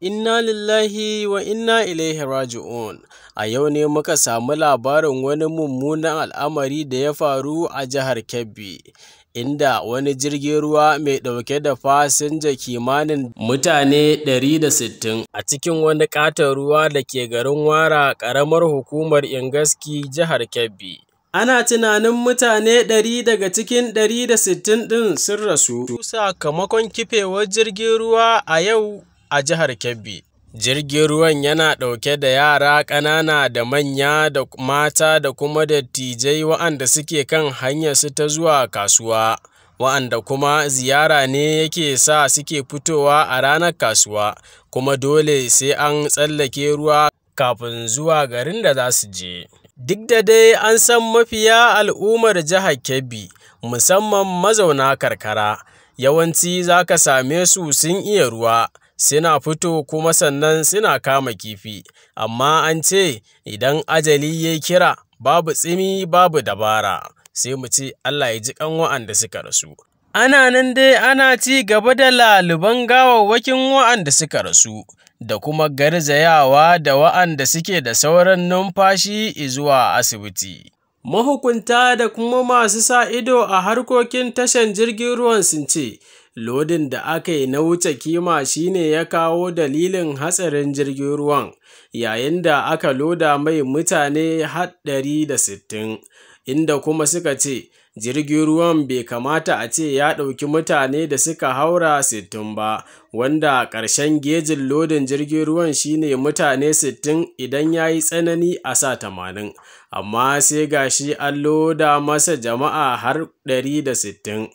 Inna lillahi wa inna ilaihi raji'un. A yau ne muka samu labarin wani mummunan al'amari da ya faru a jihar Kebbi. inda wani jirgin ruwa mai ɗauke da fasinja kimanin mutane 160 a cikin wani ƙaton ruwa da ke garin Wara ƙaramar hukumar Ingaski jihar Kebbi. Ana tunanin mutane ɗari daga cikin ɗari 160 ɗin sun rasu sakamakon kifewar jirgin ruwa a yau a jihar Kebbi. Jirgin ruwan yana ɗauke da yara ƙanana da manya da mata da kuma dattijai wa'anda suke kan su ta zuwa kasuwa, wa'anda kuma ziyara ne yake sa suke fitowa a ranar kasuwa, kuma dole sai an tsallake ruwa kafin zuwa garin da za su je. Duk da dai an san mafiya al'ummar jihar Kebbi, musamman mazauna karkara, yawanci za ka same su sun iya ruwa. suna fito kuma sannan suna kama kifi amma an ce idan ajali ya kira babu tsimi babu dabara sai mu ce Allah ya ji kan wa'anda suka rasu ana nan dai ana ci gaba da laluban gawawwakin wa'anda suka rasu da kuma garzayawa da wa'anda suke da sauran numfashi zuwa asibiti. Mahukunta da kuma masu sa ido a harkokin tashan jirgin ruwan sun ce, lodin da aka yi na wuce kima shine ya kawo dalilin hatsarin jirgin ruwan yayin da aka loda mai mutane haɗari da sittin inda kuma suka ce jirgin ruwan bai kamata a ce ya ɗauki mutane da suka haura sittin ba wanda ƙarshen gejin lodin jirgin ruwan shine mutane sittin idan ya yi tsanani a sa tamanin, amma sai gashi an loda masa jama'a har ɗari da sittin.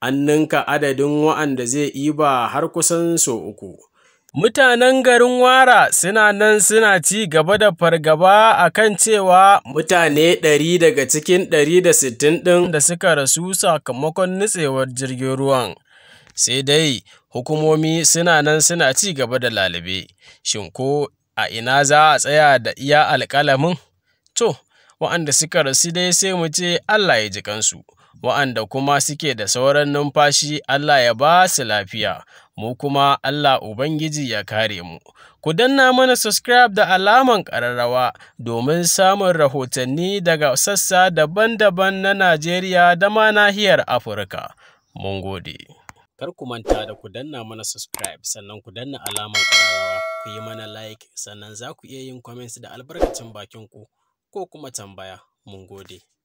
an ninka adadin wa'anda zai iba har kusan so uku. Mutanen garin Wara suna nan suna ci gaba da fargaba a kan cewa mutane ɗari daga cikin ɗari da sittin ɗin da suka rasu sakamakon nutsewar jirgin ruwan. Sai dai hukumomi suna nan suna ci gaba da lalube, shin ko a ina za a tsaya da iya alƙalamin? To, wa'anda suka rasu dai sai mu ce Allah ya ji kansu. wa'anda kuma suke da sauran numfashi Allah ya ba su lafiya, mu kuma Allah Ubangiji ya kare mu. Ku danna mana subscribe da alaman ƙararrawa domin samun rahotanni daga sassa daban-daban na Najeriya da ma nahiyar Afirka. Mun gode. Kar ku manta da ku danna mana subscribe sannan ku danna alaman ƙararrawa ku yi mana like sannan za ku iya yin comments da albarkacin bakin ku ko kuma tambaya. Mun gode.